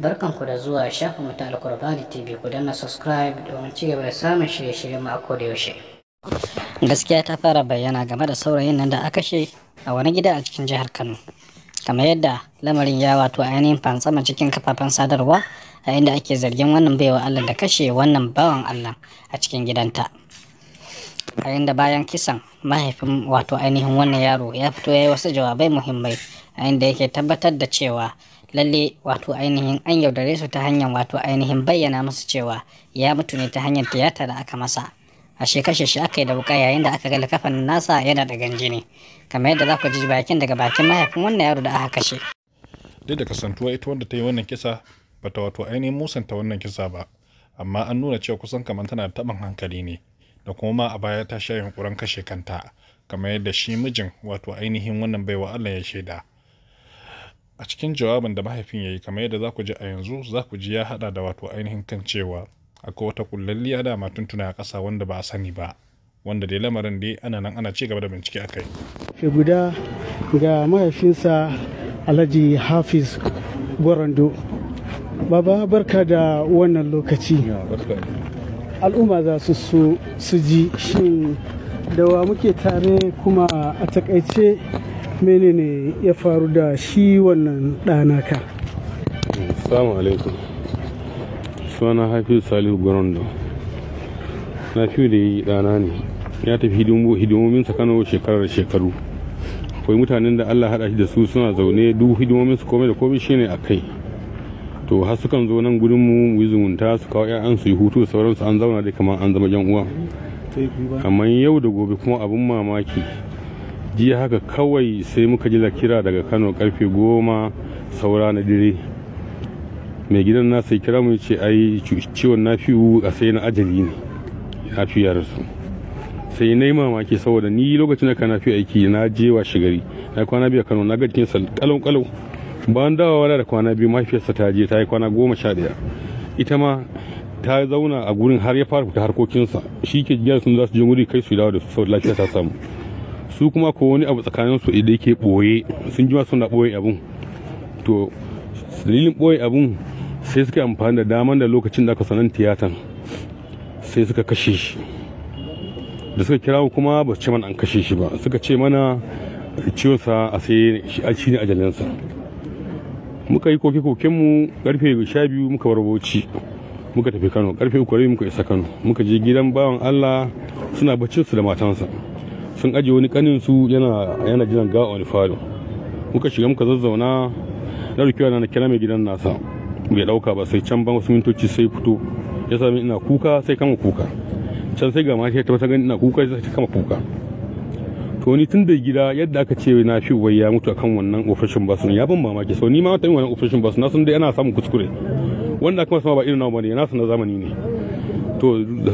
barkan ku da zuwa shafin mu ta alkurbani tv ku danna subscribe domin ci gaba da samun shirye shirye mu a koda yaushe gaskiya ta fara bayyana game da saurayin nan da aka she a wani gida a cikin jihar kano kamar yadda lamarin ya wato ainihin fantsama cikin kafafen sadarwa a inda ake zargin wannan baiwa allah da kashe wannan bawan allah a cikin gidanta a inda bayan kisan mahaifin wato ainihin wannan yaro ya fito ya yi wasu jawabai muhimmai a inda yake tabbatar da cewa lalle wato ainihin an yaudare su ta hanyar wato ainihin bayyana musu cewa ya mutu ne ta hanyar tiyata da aka masa a kashe shi aka yi da wuka yayin da aka ga kafan nasa yana da ne kamar yadda za ku ji bakin daga bakin mahaifin wannan yaro da aka kashe duk da kasantuwa ita wanda ta yi wannan kisa bata wato ainihin musanta wannan kisa ba amma an nuna cewa kusan kamar tana da taɓin hankali ne da kuma ma a baya ta sha yunkurin kashe kanta kamar yadda shi mijin wato ainihin wannan baiwa Allah ya shaida a cikin jawabin da mahaifin ya yi kamar yadda za ku ji a yanzu za ku ji ya haɗa da wato ainihin kan cewa akwai wata kullalliya ma tuntuna a ƙasa wanda ba a sani ba wanda dai lamarin dai ana nan ana ci gaba da bincike a kai. Ke guda ga mahaifinsa Alhaji Hafiz Gwarando. Baba barka da wannan lokaci. Al'umma za su so su ji shin da wa muke tare kuma a takaice menene ya faru da shi wannan ɗanaka salamu alaikum suna hafiz salihu gorondo na fi da yi ɗana ne ya tafi hidimominsa kano shekarar shekaru akwai mutanen da allah hada shi da su suna zaune duk hidimominsu komai da komai shine a kai to har sukan zo nan gudun mu zumunta su kawo su yi hutu sauransu an zauna dai kamar an zama jan uwa amma yau da gobe kuma abin mamaki jiya haka kawai sai muka ji kira daga kano karfe goma saura na dire mai gidan nasa kira mu ce ai ciwon na nafiyu a sai na ajali ne a ya rasu sai na yi mamaki saboda ni lokacin da ka fi aiki na je shigari na kwana biyu a kano na gajin sa kalau kalau bayan dawowa da kwana biyu mahaifiyarsa ta je ta yi kwana goma sha daya ita ma ta zauna a gurin har ya fara fita harkokinsa shi ke gyara sun za su je wuri kai su dawo da su saboda lafiya ta samu su kuma ko wani abu tsakanin su idan ke ɓoye sun jima suna ɓoye abun to dalilin ɓoye abun sai suka amfani da daman da lokacin da aka sanan tiyatan sai suka kashe shi da suka kira kuma ba ce mana an kashe shi ba suka ce mana ciwonsa a sai shi ne ajalinsa muka yi koke kokenmu karfe sha biyu muka bar bauchi muka tafi kano karfe uku muka isa kano muka je gidan bawan allah suna baccin su da matansa sun aje wani kanin su yana jiran ga wani falo muka shiga muka zazzauna na rukiwa na kira mai gidan nasa bai dauka ba sai can ban wasu mintoci sai fito ya sami ina kuka sai kama kuka can sai ga mashi ta wata gani ina kuka sai ta kama kuka to ni tun da gida yadda aka ce na fi wai ya mutu akan wannan ofishin basu ya ban mamaki so ni ma wata yin wannan ofishin basu na sun dai ana samun kuskure wanda aka sama ba irin nawa bane na sun na zamani ne to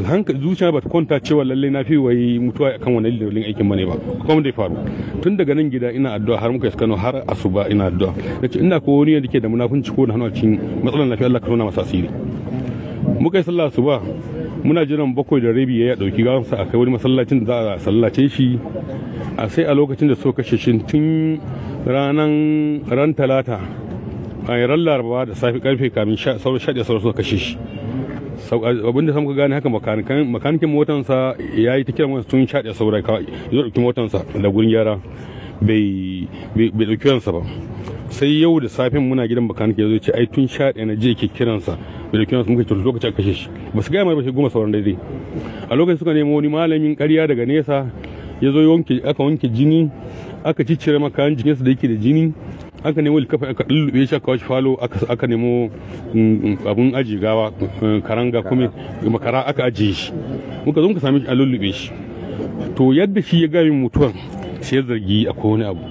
hankali zuciya ba ta kwanta cewa lallai na fi wai mutuwa kan wani dalilin aikin bane ba kuma da faru tun daga nan gida ina addu'a har muka iskano har asuba ina addu'a nace ina ko wani da ke da munafunci ko da hannu a cikin matsalar lafiya Allah ka tona masa asiri muka yi sallah asuba muna jiran bakwai da rabi ya dauki gawansa a kai wani masallacin da za a sallace shi a sai a lokacin da so kashe shi tun ranan ran talata a yi ran laraba da safi karfe kamin sauran shaɗe sauran suka kashe shi abin da samu gane haka makanikin motansa ya yi ta kiran wasu sun shaɗe saura kawai zo ɗauki motansa da gurin gyara bai ɗauki ransa ba sai yau da safin muna gidan makanikin ya zo ce ai tun shaɗe na je ke kiransa bai ɗauki ransa muka ce lokacin kashe shi ba su gaya mai ba shi goma sauran daidai a lokacin suka nemo wani malamin ƙarya daga nesa ya zo aka wanke jini aka ciccire makayan jikinsa da yake da jini aka nemo likafa aka lulluɓe shi aka wasu falo aka nemo mm, mm, abun aji gawa mm, karanga kuma makara aka aji shi muka zo muka same shi a lulluɓe shi to yadda shi ya gami mutuwan sai zargi a kowane abu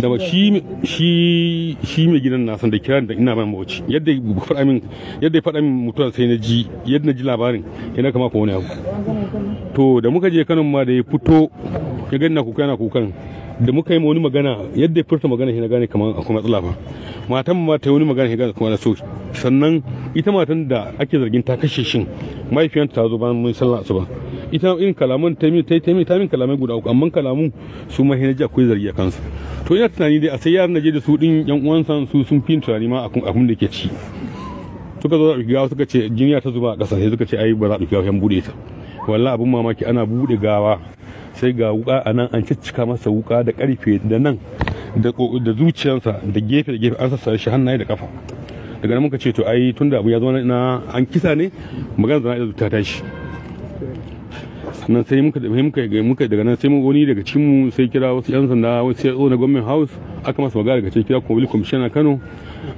da ba shi shi shi mai gidan nasan da kiran da ina ba mawaci yadda yadda ya faɗa min mutuwa sai na ji yadda na ji labarin yana kama ko abu to da muka je kanon ma da ya fito ya gani na kuka na kukan da muka yi wani magana yadda ya furta magana shi na gane kamar akwai matsala ba matan ma ta yi wani magana shi gane kuma na so sannan ita matan da ake zargin ta kashe shin mahaifiyanta ta zo bayan mun sallah asuba ita irin kalaman ta yi ta yi ta min kalamai guda uku amma kalamun su ma hinaji akwai zargi a kansu to ina tunani dai a sai yaran je da su din yan uwansa su sun fi tunani ma abin da ke ci suka zo da suka ce jiniya ta zuba a ƙasa sai suka ce ai ba za a ɗauki gawa yan buɗe ta wallahi abin mamaki ana buɗe gawa sai ga wuka a nan an ciccika masa wuka da karfe da nan da zuciyarsa da gefe da gefe an sassa shi hannaye da kafa daga nan muka ce to ai tunda abu ya zo na an kisa ne magana zana ita zuta tashi sannan sai muka muka muka daga nan sai mu wani daga cikin mu sai kira wasu yan sanda wasu sai na gwamnati house aka masa magana daga cikin kira kuma commissioner Kano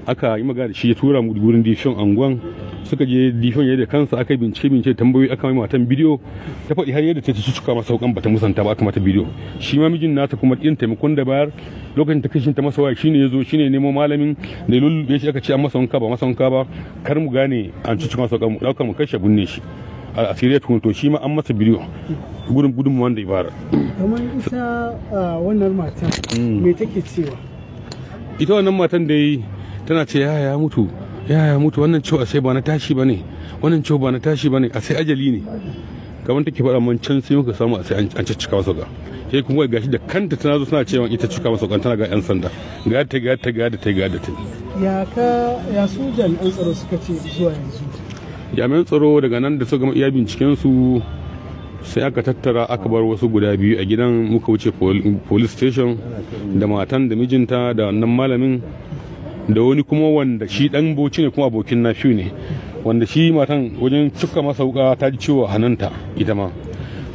aka yi magana shi ya tura mu gurin division angwan suka je division ya da kansa aka bincike bincike tambayoyi aka mai matan bidiyo ta faɗi har yadda ta cuka masa saukan bata musanta ba aka mata bidiyo shi ma mijin nata kuma ɗin taimakon da bayar lokacin ta kashin ta masa waya shine ya zo shine nemo malamin da lullu lulluɓe shi aka ce an masa wanka ba masa wanka ba kar mu gane an cuka masa saukan mu ɗaukar mu kashe binne shi a Syria tukun to shi ma an masa biliyo gudun gudun wanda ibara kamar ita wannan matan mm. me take cewa ita wannan matan dai tana ce ya ya mutu ya ya mutu wannan ciwo sai ba na tashi ba ne wannan ciwo ba na tashi ba ne a sai ajali ne kamar take faɗa man can sai muka samu a sai an cika masa ga sai kuma gashi da kanta tana zo tana cewa ita cika masa tana ga yan sanda ga ta ga ta ga ta ga ta ya ka ya su an tsaro suka ce zuwa yanzu jami'an tsaro daga nan da suka iya binciken su sai aka tattara aka bar wasu guda biyu a gidan muka wuce police station da matan da mijinta da wannan malamin da wani kuma wanda shi dan boci ne kuma abokin na ne wanda shi matan wajen cika masa wuka ta ji ciwo hannunta ita ma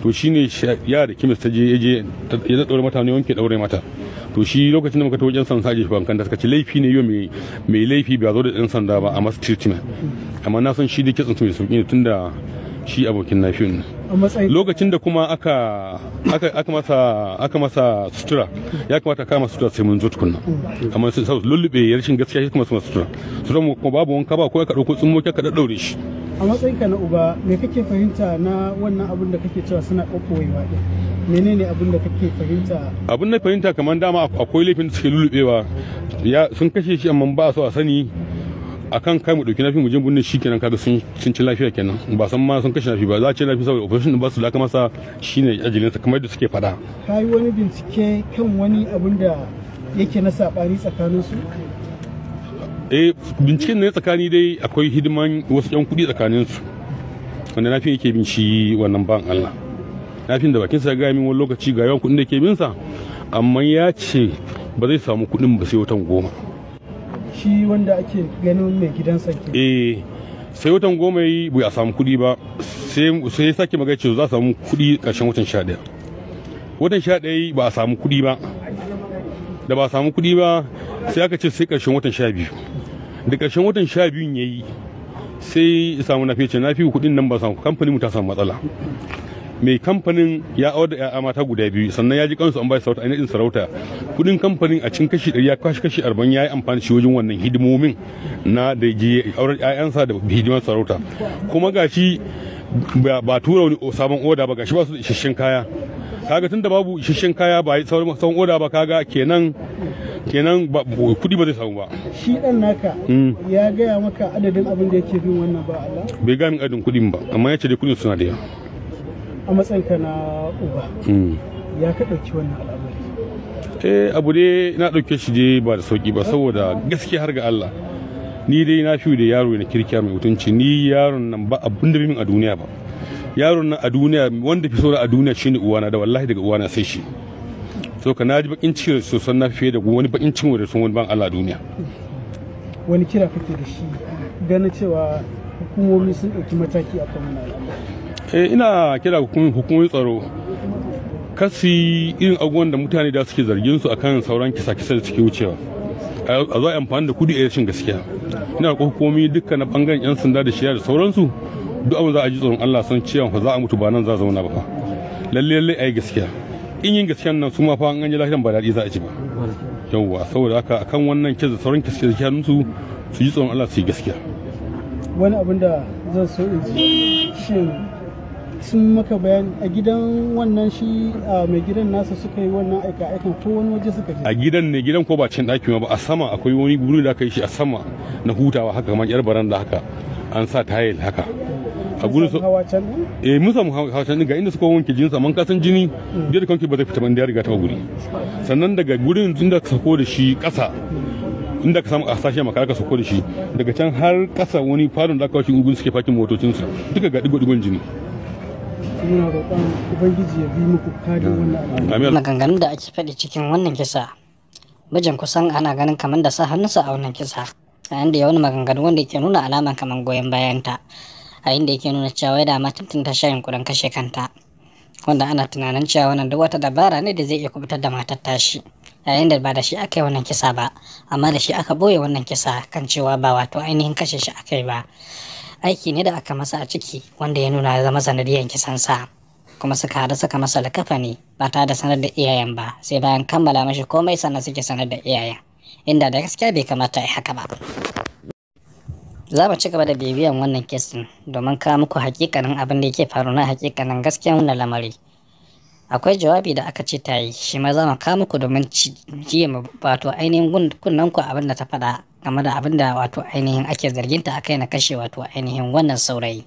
to shine ya da kimis ta je ya je ya daure mata ne wanke daure mata to shi lokacin da muka tawo yan sanda shi bankan da suka ci laifi ne yau mai laifi ba zo da yan sanda ba a masu treatment amma na san shi da kitsin mai sauki ne tunda shi abokin nafin lokacin da kuma aka aka masa aka masa sutura ya kamata kama sutura sai mun zo tukunna amma sai lullube ya rashin gaskiya shi kuma sutura sutura mu kuma babu wanka ba ko ka dauko tsummo ka daddaure shi a matsayinka na uba me kake fahimta na wannan abin da kake cewa suna kokowewa din menene abin da kake fahimta abin da fahimta kamar dama akwai laifin da suke lulubewa sun kashe shi amma ba so a sani akan kai mu dauki nafi mu je bunnin shikenan kaga sun sun ci lafiya kenan ba san ma sun kashe nafi ba za a ce nafi saboda operation ba su laka masa shine ajalin sa kamar da suke fada kai wani bincike kan wani abin da yake na sabani tsakanin su eh binciken ne tsakani dai akwai hidiman wasu yan kuɗi tsakanin su wanda nafin yake binci wannan ban Allah nafin da bakin sa ga min wani lokaci ga yawan kuɗin da ke bin sa amma ya ce ba zai samu kuɗin ba sai watan goma shi wanda ake ganin mai gidansa ke eh sai watan goma yi bai a samu kuɗi ba sai ya sake magana cewa za a samu kuɗi karshen watan sha ɗaya watan sha ɗaya ba a samu kuɗi ba da ba a samu kuɗi ba sai aka ce sai karshen watan sha biyu da ƙarshen watan sha biyun ya yi sai samu na fece na fi kuɗin nan ba samu kamfanin mu ta samu matsala mai kamfanin ya awar da ya'ya mata guda biyu sannan ya ji kansu an bai sarauta ainihin sarauta kuɗin kamfanin a cin kashi ɗari ya kashi kashi arba'in ya yi amfani shi wajen wannan hidimomin na da ji auren ƴaƴansa da hidimar sarauta kuma gashi ba tura wani sabon oda ba gashi ba su da isasshen kaya kaga tun da babu isasshen kaya ba sauran oda ba kaga kenan kenan ba kudi ba zai samu ba shi dan naka hmm. ya gaya maka adadin abin da yake bin wannan ba Allah bai gaya min adadin kudin ba amma ya ce dai suna da yawa a matsayin ka na uba hmm. ya ka dauki wannan al'amari eh abu dai na ɗauke shi dai ba da sauki ba saboda gaskiya har ga Allah ni dai na fi da yaro na kirkiya mai mutunci ni yaron nan ba abin da min a duniya ba yaron nan a duniya wanda fi so a duniya shine uwana da wallahi daga uwana sai shi so ka naji bakin ciwo sosan na fiye da wani bakin ciwo da sun wani ban Allah duniya wani kira kake da shi ganin cewa hukumomi sun ɗauki mataki a kan wannan eh, ina kira hukumomin tsaro kasi irin abubuwan da mutane da suke zargin su akan sauran kisa-kisa da suke wucewa a zo amfani da kudi a yashin gaskiya ina ko hukumomi dukkan na bangaren yan sanda da shiya da sauransu duk abin za a ji tsoron Allah san cewa za a mutu ba nan za a zauna ba fa lalle lalle ai gaskiya in yin gaskiyan nan su ma fa an ji lahiran ba daɗi za a ci ba yawwa saboda haka akan wannan kiza sauran kiskiyan su su ji tsoron Allah su yi gaskiya wani abin da zan so in ji shin sun maka bayani a gidan wannan shi mai gidan nasa suka yi wannan aika aikan ko wani waje suka je a gidan ne gidan ko ba cin ɗaki ba a sama akwai wani guri da aka yi shi a sama na hutawa haka kamar yar baranda haka an sa tayil haka a gudu su eh mun samu hawa ga inda suka wanke jini amma kasan jini da kanki ba zai fita ban da ya riga ta guri sannan daga gurin inda ka sako da shi kasa inda ka samu a sashe maka ka sako da shi daga can har kasa wani farin da aka kawo shi gugun suke fakin motocinsu duka ga digo-digon jini muna roƙon ubangiji ya bi muku kadin wannan maganganun da ake faɗi cikin wannan kisa mijin kusan ana ganin kamar da sa hannunsa a wannan kisa a da ya wani maganganu wanda ke nuna alama kamar goyon bayanta a inda yake nuna cewa da dama tuntun ta shayin kudin kashe kanta wanda ana tunanin cewa wannan duk wata dabara ne da zai iya kubutar da matar tashi yayin da ba da shi aka yi wannan kisa ba amma da shi aka boye wannan kisa kan cewa ba wato ainihin kashe shi aka yi ba aiki ne da aka masa a ciki wanda ya nuna ya zama sanadiyan sa kuma suka haɗu suka masa ne ba tare da sanar da iyayen ba sai bayan kammala mashi komai sannan suke sanar da iyayen inda da gaskiya bai kamata ya yi haka ba za mu ci gaba da bibiyan wannan kesin domin kawo muku hakikanin abin da yake faru na hakikanin gaskiyan wannan lamari akwai jawabi da aka ce ta yi shi ma za mu kawo muku domin jiya mu wato ainihin kunnen ku abin da ta faɗa game da abin da wato ainihin ake zarginta akai na kashe wato ainihin wannan saurayi